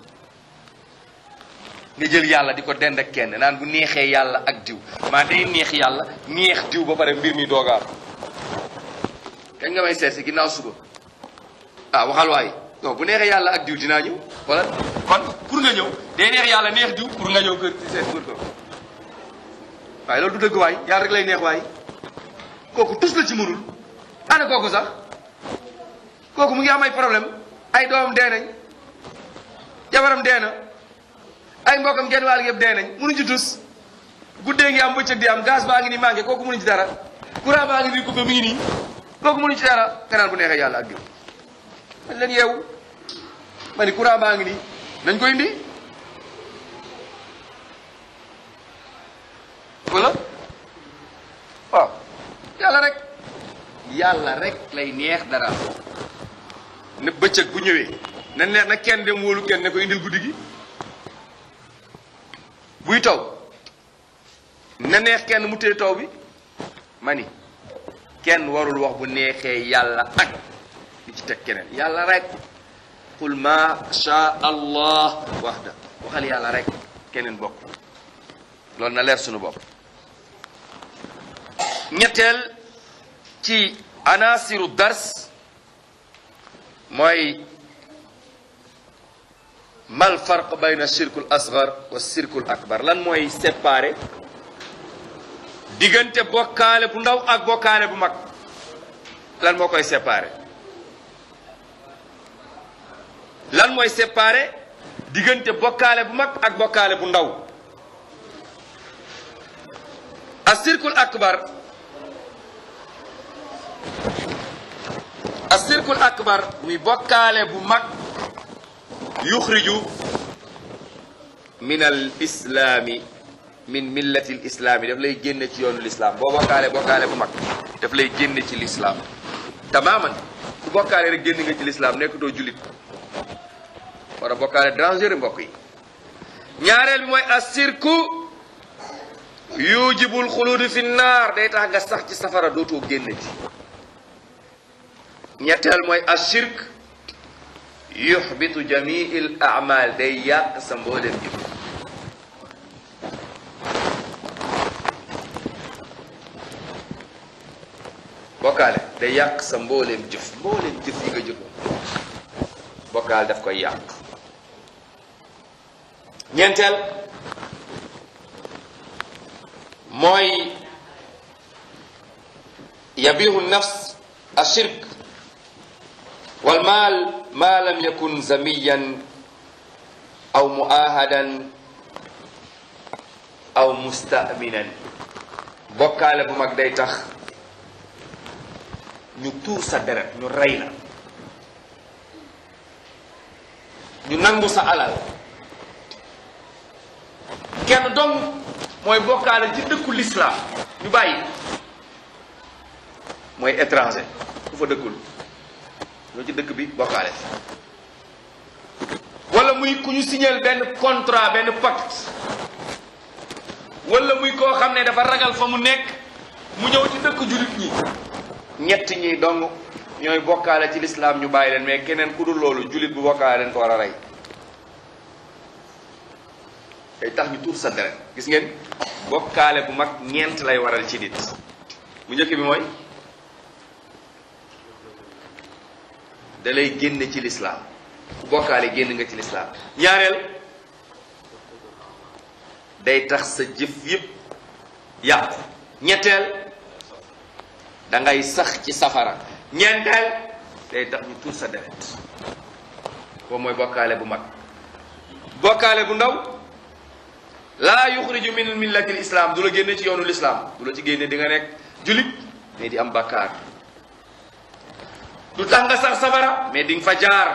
nga jël yàlla di ko dend ak kenn naan bu neexee yàlla ak diw maa day neex yàlla neex diw ba pare mbir mi nga may seesi ginnaaw suba ah waxal bu neexee yàlla ak diw dinaa ñëw wala yàlla neex diw pour nga kër ci seet pour ko waaye loolu du dëgg waay yàlla rek lay neex waay kooku tus la ci mënul ana kooku sax kooku mu ngi am ay problème ay doom dee nañ jabaram dee na ay mbokkam genn wàll yëpp dee nañ mënuñ ci tus guddee ngi am bëccëg di am gaz baa ngi ni manqué kooku mënuñ ci dara courant baa ngi ni coupé mi ngi nii kooku mënuñ ci dara kanaan bu neexee yàlla ak diw man leen yeewu ma ni baa ngi nii nañ ko indi yàlla rek yàlla rek lay neex dara ne bëccëg bu ñëwee nañ neex na kenn dem wóolu kenn ne ko indil guddi gi buy taw na neex kenn mu téye taw bi mani kenn warul wax bu neexee yàlla ak di ci teg keneen yàlla rek qul ma sha allah waxda yàlla rek keneen bokk loolu na leer sunu bopp ñetteel ci anasiru dars mooy mal farq bayna shirkul asgar wa shirkul lan mooy séparé diggante bokkaale bu ndaw ak bokkaale bu mag lan moo koy séparé lan mooy séparé diggante bokkaale bu mag ak bokkaale bu ndaw a shirkul asirkul akbar muy bokkaale bu mag yuxriju min al islaami min millati l islaami daf lay génn ci yoonu lislaam boo bokkaale bokkaale bu mag daf lay génne ci lislaam tamaaman ku bokkaale rek génn nga ci lislaam nekkatoo julit war a bokkaale dangereux mbokk yi ñaareel bi mooy asirku yujibul xuludu fi naar day tax nga sax ci safara dootoo génn ci ñetteel mooy ashirk yuxbitu jamiil amal day yàq sa mbooleem jikko bokkaale day yàq sa mbooleem jëf mbooleem jëf yi nga jëfoon bokkaale daf koy yàq ñeenteel mooy yabihu nafs ashirk wal maal maa lam yakun zamiyan aw muahadan aw mustaminan bokkaale bu mag day tax ñu tuur sa deret ñu ñu nangu sa alal kenn dong mooy bokkaale ci dëkku lislaam ñu bàyyi mooy étranger ku fa dëkkul ñoo ci dëkk bi bokkaale wala muy ku ñu signal benn contrat benn pacte wala muy koo xam ne dafa ragal fa mu nekk mu ñëw ci dëkk jullit ñi ñett ñi dong ñooy bokkaale ci lislaam ñu bàyyi leen mais keneen ku dul loolu jullit bu bokkaale leen ko war a rey day tax ñu tuur sa deret gis ngeen bokkaale bu mag ñeent lay waral ci nit bu njëkk bi mooy da génn ci lislaam bokkaale génn nga ci lislaam ñaareel day tax sa jëf yépp yàqu ñetteel da ngay sax ci safara ñeenteel day tax ñu tuur sa deret boobu mooy bokkaale bu mag bokkaale bu ndaw laa yuxriju min millatil islam du la génne ci yoonu lislaam du la ci génne di nga nekk julit mais di am bàkkaar lu tax nga sax safara mais di nga fa jaar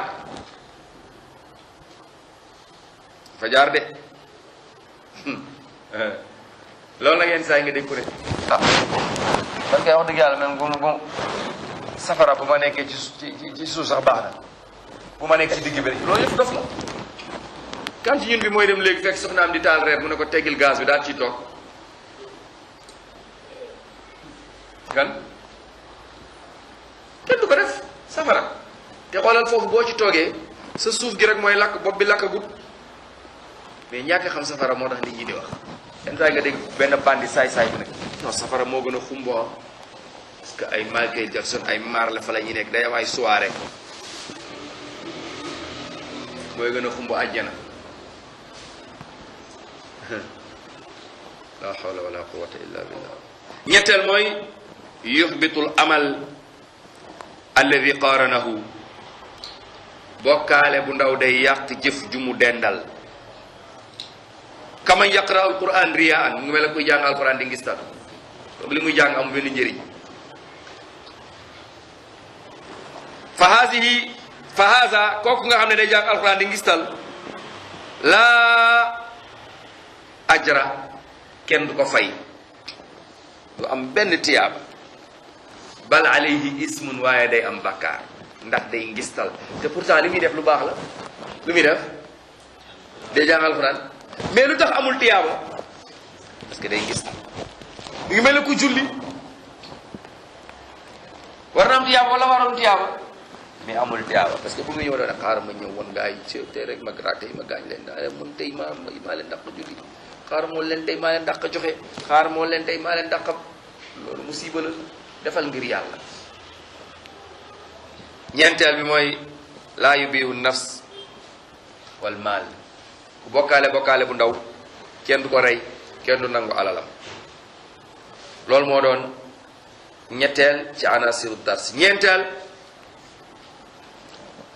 fa jaar de hmm. loolu saa yi nga dégg ko de ah man kay wax dëgg yàlla man bu bu safara bu ma nekkee ci suuf sax baax na bu ma nekk ci digg bi rek loolu yëpp dof la kan ci ñun bi mooy dem léegi fekk soxnaam di taal reer mu ne ko teggil gaz bi daal ci toog kan kenn du ko def safara te xoolal foofu boo ci toogee sa suuf gi rek mooy lakk bopp bi lakkagut mais ñàkk xam safara moo tax nit ñi di wax yenn saa nga dégg benn bandi saay-saay bi nag safara moo gën a xumboo ah. parce que ay Michael Jackson ay maar la fa la ñuy nekk day am ay soirée mooy gën a xumbo àjjana la hawla wala quwwata illa billah ñetteel mooy yuxbitul amal alladi qaaranahu bokkaale bu ndaw day yàq jëf ju mu dendal kaman yaqra alquran riyaan mu ngi mel ne kuy jàng alquran di ngistal li muy jàng amu benn xam ne day jàng alquran di ngistal laa ajra kenn du ko fay du am benn tiyaaba bal alayhi ismun waaye day am bakkaar ndax day ngistal te pour pourtant li muy def lu baax la lu muy def day jàng alxuraan mais lu tax amul tiyaabo parce que day ngistal mu ngi mel ne ku julli war na am tiyaabo wala waroon tiyaabo mais amul tiyaabo parce que bu nga ñëw doon xaaral ma ñëw woon ngaa yi ci tey rek ma gratte ma gaañ leen daa mun tey ma maa leen dàq julli xaar moo leen tey maa leen dàq joxe xaar moo leen tey maa leen dàq loolu musiba la defal ngir yàlla ñeenteel bi mooy laa yubihu nafs wal maal ku bokkaale bokkaale bu ndaw kenn du ko rey kenn du nangu alalam loolu moo doon ñetteel ci anasiru dars ñeenteel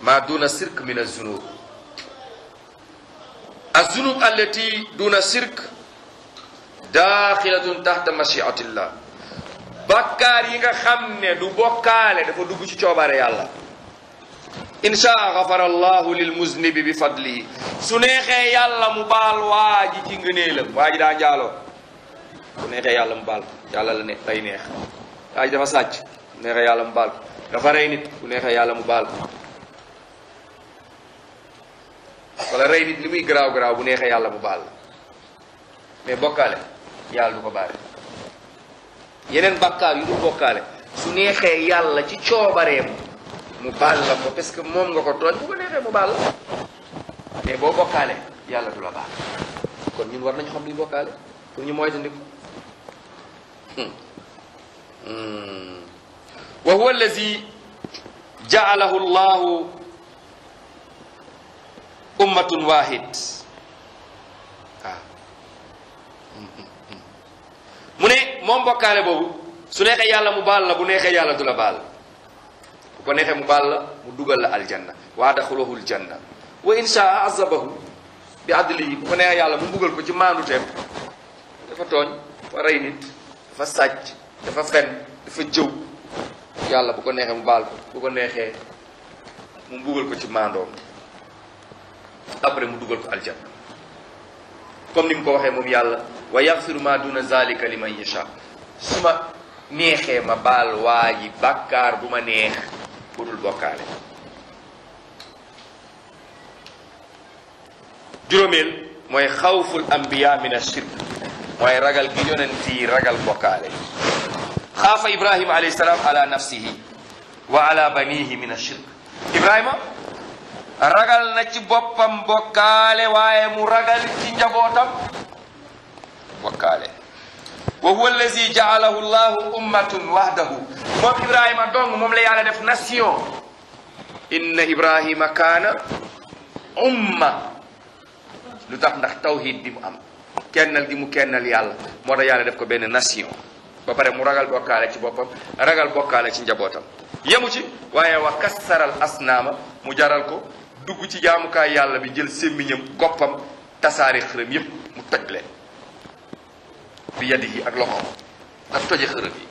ma duna sirk min azunub azunub allati duna sirk daaxilatun taxta machiatillah bàkkaar yi nga xam ne du bokkaale dafa dugg ci coobare yàlla in shaa gafara allahu lil muznibi bi fadlihi su neexee yàlla mu baal waa ji ci ngëneelam daa njaaloo su neexee yàlla mu baal yàlla la ne lay dafa sàcc su neexee yàlla mu baal dafa rey nit yàlla mu baal wala rey nit li muy garaaw garaaw bu neexee yàlla mu baal mais bokkaale yàlla du ko baale yeneen bàkkaar yu dul bokkaale su neexee yàlla ci coobareem mu baal la ko parce que moom nga ko tooñ bu ko neexee mu baal la mais boo bokkaale yàlla du la baal kon ñun war nañu xam luy bokkaale pour ñu moytandiku hmm. Hmm. wa huwa allazi ja'alahu llahu ummatun wahid waaw ah. hmm. moom bokkaale boobu su neexee yàlla mu baal na bu neexee yàlla du la baal bu ko neexee mu baal la mu dugal la aljanna wa adxulahul janna wa insha azabahu bi adlihi bu ko neexee yàlla mu buggal ko ci maandu teem dafa tooñ dafa rey nit dafa sàcc dafa fen dafa ko neexee mu baal ko ko neexee mu buggal ci maandoom après mu dugal ko aljanna comme ni mu ko waxee moom yàlla wa yaxfiru ma duna zalika liman yasha su ma neexee ma baal waa ji bàkkaar bu ma neex bu dul bokkaale juróomeel mooy xawful ambiya min ashirk mooy ragal gi yonent yi ragal bokkaale xaafa ibrahima alayhi salaam ala nafsihi wa ala banihi min ashirk ibrahima ragal na ci boppam bokkaale waaye mu ragal ci njabootam bokkaale wa huwa allazi jaalahu llahu ummatun wahdahu moom ibrahima dong moom la yàlla def nation inna ibrahima kaana umma lu tax ndax tawhid bi mu am kennal gi mu kennal yàlla moo tax yàlla def ko benn nation ba pare mu ragal bokkaale ci boppam ragal bokkaale ci njabootam yemu ci waaye wa kassaral asnaama mu jaral ko dugg ci jaamukaay yàlla bi jël sémmiñam goppam tasaari xërëm yépp mu toj leen fi yadihi ak loxoom daf toje xërëm yi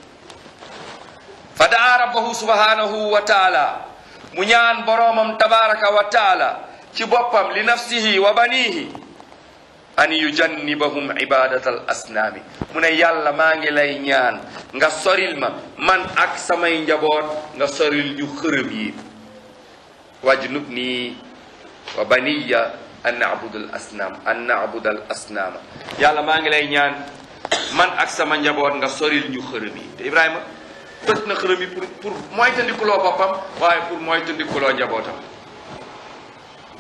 fa daa rabbahu subhanahu wa taala mu ñaan boroomam tabaraka wa taala ci boppam li nafsihi wa banihi an yujannibahum ibadat al asnaami mu ne yàlla maa ngi lay ñaan nga soril ma man ak samay njaboot nga soril ñu xërëm yi wajnub nii wa baniya an nabudal asnaam an nabudal asnaama yàlla maa ngi lay ñaan man ak sama njaboot nga soril ñu xërëm yi te Ibrahima tës na xërëm yi pour pour moytandikuloo boppam waaye pour kuloo njabootam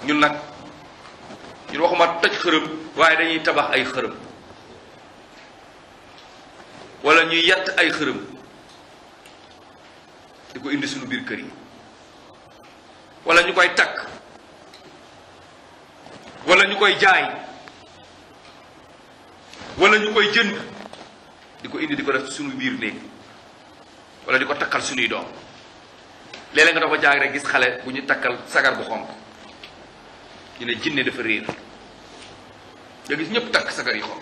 ñun nag ñun waxuma toj xërëm waaye dañuy tabax ay xërëm wala ñuy yett ay xërëm di ko indi suñu biir kër yi wala ñu koy takk wala ñu koy jaay wala ñu koy jënd di ko indi di ko def suñu biir néeg wala di ko takkal suñuy doom léeg-léeg nga dafa jaag rek gis xale bu ñu takkal sagar bu xonk ñu ne jinne dafa réer nga gis ñëpp takk sagar yi xonk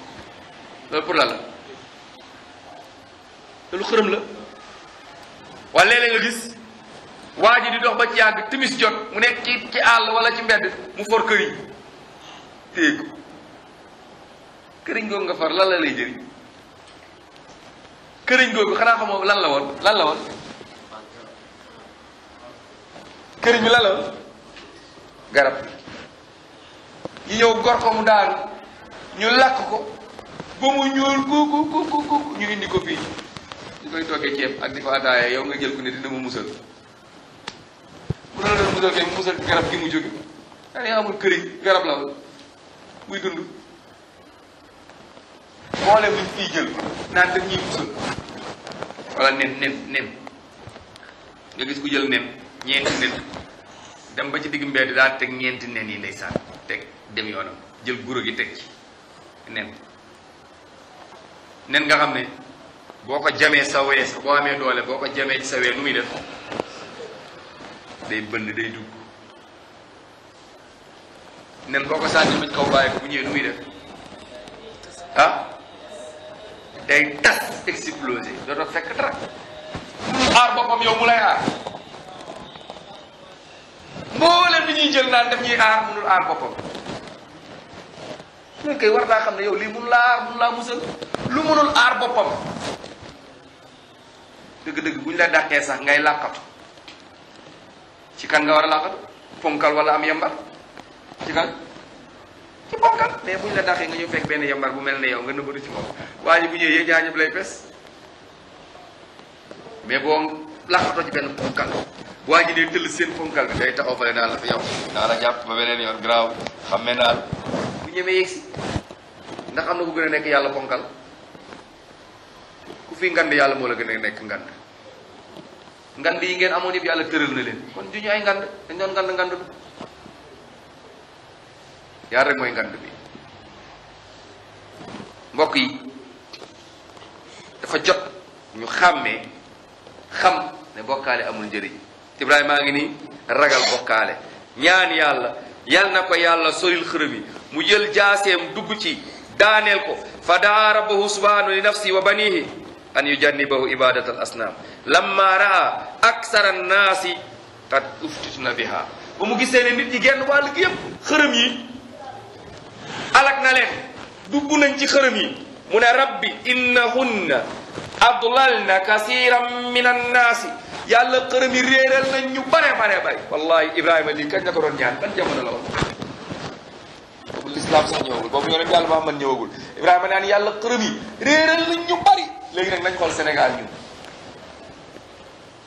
loolu pour la la loolu xërëm di dox ba ci yàgg mu nekk ci ci mu for këriñ nga far lan lay jëriñ këriñ googu xanaa xamoo lan la woon lan la woon këriñ bi lan la woon garab yi ñëw gor ko mu daanu ñu lakk ko ba mu ñuul kuku kuku kuku ñu indi ko fii ñu koy toggee ceeb ak di ko ataaya yow nga jël ku ne dina ma musal bu doon doon musal kay garab gi mu jóge daanaka amul këriñ garab la woon buy dund. moo leen buñ fii jël naan daf ñuy musal wala nen nen nen nga gis ku jël nen ñeenti nen dem ba ci digg mbedd daal teg ñeenti nen yi ndeysaan teg dem yoonam jël guro gi teg ci nen nen nga xam ne boo ko jamee sa wee boo amee doole boo ko jamee ci sa wee nu muy def day bënn day dugg nen boo ko sànni ma ci kaw bàyyi ko bu nu muy def ah day tas explosé dootoo fekk dara aar boppam yow mu lay aar mboolem bi ñuy jël naan def ñuy aar munul aar boppam léegi koy war naa xam ne yow lii mun laa aar mun laa musal lu munul aar boppam dëgg-dëgg bu la dàqee sax ngay làqatu ci kan nga war a làqatu ponkal wala am yembar ci kan ci bokkal mais buñ la daxee nga ñëw fekk benn yambar bu mel ne yow nga nëbbatu ci moom waa bu ñëwee yéen ñaar ñëpp lay pes mais boo laxatoo ci benn ponkal waa ji ne tëll seen ponkal bi day taxaw fale naan la fi yow naa la jàpp ba beneen yoon garaaw xam ne naa bu ñemee yegg si ndax am na ku gën a nekk yàlla ponkal ku fi ngand yàlla moo la gën a nekk ngand ngand yi ngeen amoon yëpp yàlla tëral na leen kon du ñu ay ngand dañ doon ngand ngand yaar rek mooy ngand bi mbokk yi dafa jot ñu xàmmee xam ne bokkaale amul njëriñ Ibrahima a ngi nii ragal bokkaale ñaan yàlla yal na ko yàlla soril xërëm yi mu jël jaaseem dugg ci daaneel ko fa daa rabbahu subhanahu li nafsi wa banihi an yujannibahu ibadat al asnaam lamma raa aksara annaasi qad uftituna biha ba mu gisee ne nit ñi genn wàll gi yëpp xërëm yi alak na leen dugg nañ ci xërëm yi mu ne rabbi innahunna adlalna min annaasi yàlla xërëm yi réeral nañ ñu bare bare bare wallahi ibrahima lii kañ la ko doon ñaan ban jamono la woon boobu lislaam sax ñëwagul boobu yonent yàlla Muhammad ñëwagul ibrahima naan yàlla xërëm yi réeral nañ ñu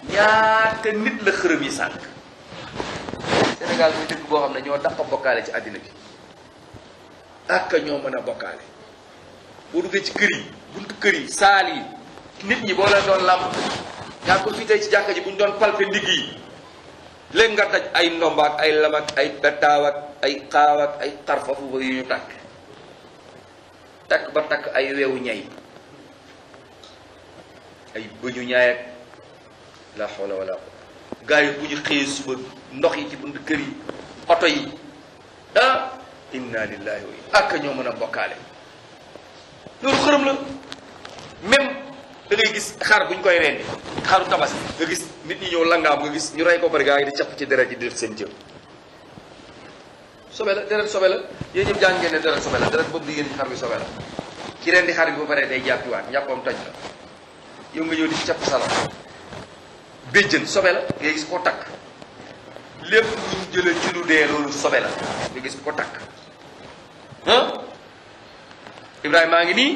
ci àddina bi ak ñoo mën a bokkaale boo duggee ci kër yi buntu kër yi saal nit ñi boo leen doon làmp yaa ko fii ci jàkka ji bu ñu doon palpe ndigg yi léegi nga taj ay ndombaak ay lamak ay taawak ay xaawak ay xarfafu ba yu ñu tàkk takk ba takk ay weewu ñay ay bëñu ñaay ak la xawla wala gaa yi bu ñu xëyee suba ndox yi ci bunt kër yi oto yi ah! inna lillahi wa inna ak ñoo mën a bokkaale loolu xërëm la même da gis xaar bu ñu koy rendi xaru tabas nga gis nit ñi ñëw langaam nga gis ñu rey ko bari gaa yi di capp ci deret yi di def seen jël sobe la deret sobe la yéen ñëpp jàng ngeen di xar bi sobe la ci rendi xar bi ba pare day jàppiwaat njàppoom toj la yow nga ñëw di capp salam béjjën la ngay gis koo takk lépp luñ jëlee ci lu dee loolu takk ah maa ngi nii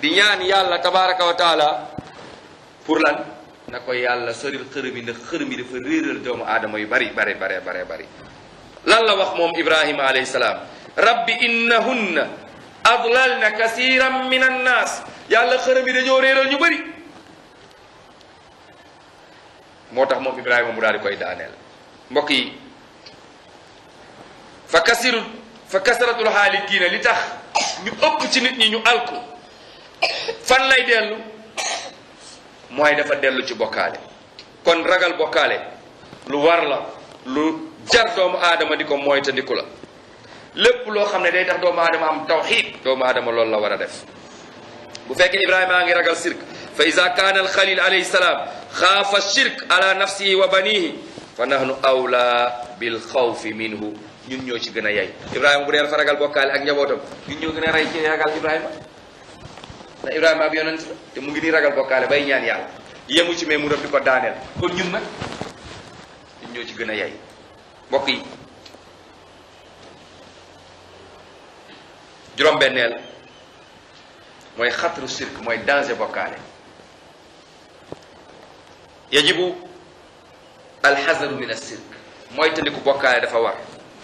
di ñaan yàlla tabaraka wa taala pour lan na ko yàlla soril xërëm yi ndax xërëm yi dafa réeral doomu aadama yu bari bari bari bari bari lan la wax moom Ibrahima alayhi salaam rabbi innahunna adlalna kasiran min annaas yàlla xërëm yi dañoo réeral ñu bari moo tax moom Ibrahima mu daal di koy daaneel mbokk yi fa kasiru fa kasaratul xaalikiina li tax ñu ëpp ci nit ñi ñu alku fan lay dellu mooy dafa dellu ci bokkaale kon ragal bokkaale lu war la lu jar doomu aadama di ko moytandiku la lépp loo xam ne day tax doomu aadama am tawxiid doomu aadama loolu la war a def bu fekkee ibrahima a ngi ragal sirk fa ida kaana alxalil alayhi salaam xaafa shirk ala nafsihi wa banihi fa nahnu awla bilxawfi minhu ñun ñoo ci gën a yay Ibrahima bu dee dafa ragal bokkaale ak njabootam ñun ñoo gën a rey ci ragal Ibrahima ndax Ibrahima ab yonent la te mu ngi nii ragal bokkaale bay ñaan yàlla yemu ci mais mu def di ko daaneel kon ñun nag ñun ñoo ci gën a yay mbokk yi juróom-benneel mooy xatru sirk mooy danger bokkaale yajibu alxazaru min assirk mooy tandiku bokkaale dafa war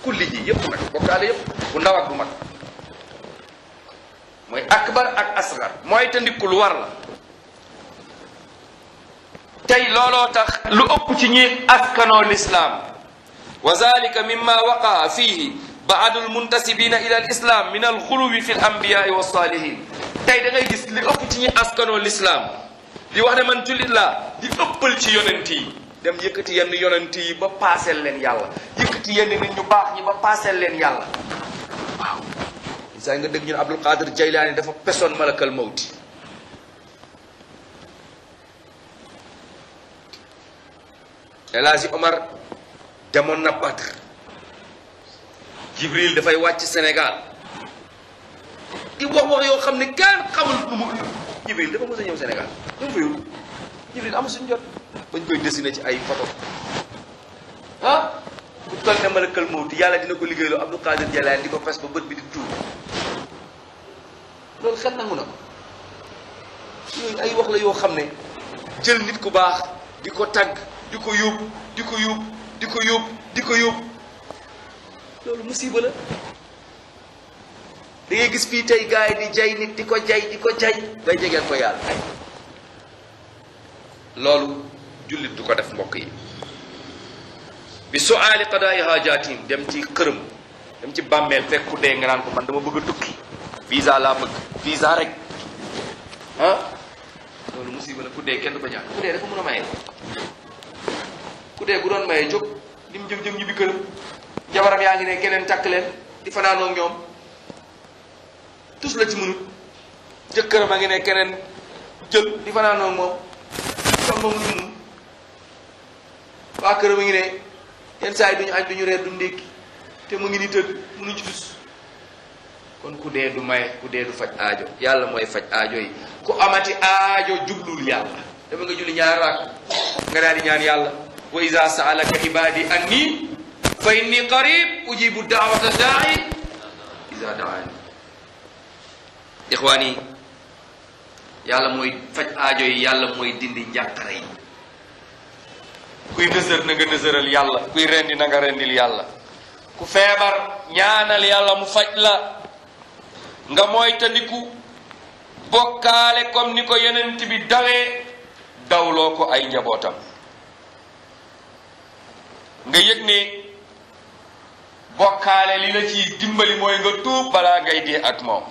kulli ji yëpp nag bokkaale yëpp bu ndaw ak bu mag mooy akbar ak asgar mooy te lu war la looloo tax lu ëpp ci ñuy askanoo lislaam wa zalika mimma waqaa fiihi baadu lmuntasibina ila alislam min alxuluwi fi alambiyai walsalihin tey da ngay gis li ëpp ci ñuy askanoo lislaam di wax man jullit laa di ëppal ci yonent dem yëkkati yenn yonent yi ba paaseel leen yàlla yëkkati yenn nit ñu baax ñi ba paaseel leen yàlla waaw saa nga dégg ñu ne Abdul Qadir Jaylaani dafa pesoon malakal mawti El Omar demoon na Badr Jibril dafay wàcc Sénégal di wax wax yoo xam ne kenn xamul nu dafa mos a ñëw Sénégal nu mu Jibril am suñ jot bañ koy dessiné ci ay photo ah ku toll ne malakal mawti yàlla dina ko liggéeyloo Abdou Qadir Jalaan di ko fes ba bët bi di tuur loolu xet nangu na ko yooyu ay wax la yoo xam ne jël nit ku baax di ko tagg di ko yóbbu di ko yóbbu di ko yóbbu di ko yóbbu loolu musiba la da gis fii tey gars yi di jay nit di ko jay di ko jay bay jegeel ko yàlla loolu jullit du ko def mbokk yi bi su aali qadaay haajatim dem ci këram dem ci bàmmeel fekk ku dee nga naan ko man dama bëgg a tukki visa laa bëgg visa rek ah loolu musiba la ku dee kenn du ko ñaan ku dafa mën a maye ku bu doon maye jóg li jëm jëm ñibbi këram jabaram yaa ngi ne keneen càkk leen di fanaanoog ñoom tus la ci mënut jëkkëram a ngi ne keneen jël di fanaanoog moom sam moom ñun waa këram a ngi ne yenn saa yi duñu añ duñu reer du ndékki te mu ngi ni tëdd mënuñ ci dus kon ku dee du may ku dee du faj ajo yàlla mooy faj aajo yi ku amati aajo jublul yàlla dama nga julli ñaar raak nga daal di ñaan yàlla wa iza saalaka ibadi anni fa inni qarib ujibu daawata daai iza daani ixwaani yàlla mooy faj ajo yi yàlla mooy dindi njàqare yi kuy nësër na nga nësëral yàlla kuy rendi na nga rendil yàlla ku feebar ñaanal yàlla mu faj la nga moytandiku bokkaale comme ni ko yenent bi dawee dawloo ko ay njabootam nga yëg ne bokkaale li la ciy dimbali mooy nga tuub balaa ngay dee ak moom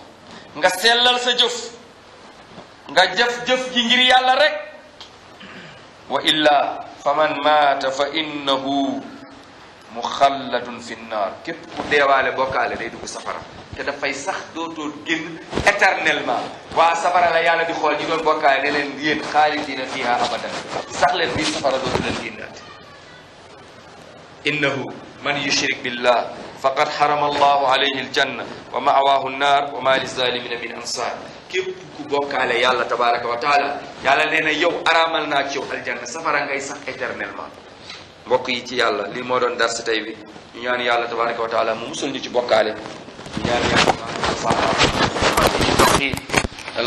nga sellal sa jëf nga jëf-jëf ji ngir yàlla rek wa illa faman maata fa innahu muxalladun fi nnaar deewaale bokkaale day dugg safara te dafay sax dootoo génn éternellement waa safara la yàlla di xool ñi doon bokkaale ne leen yéen xaalidina fiha sax leen bii safara dootu leen génnaat innahu man yushrik billah faqad harama allahu alayhi aljanna wa ma'waahu nnaar wa ma lizalimina min ansar képp ku bokkaale yàlla tabaraka wa taala yàlla nee na yow araamal naa ci yow aljanna safara ngay sax éternellement mbokk yi ci yàlla lii moo doon dars tey bi ñu ñaan yàlla tabaraka wa taala mu musul ñu ci bokkaale ñu ñaan yàlla yàlla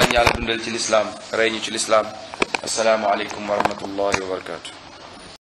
ñu yàlla dundal ci lislaam rey ñu ci lislaam assalaamu aleykum wa rahmatullahi wa barakatu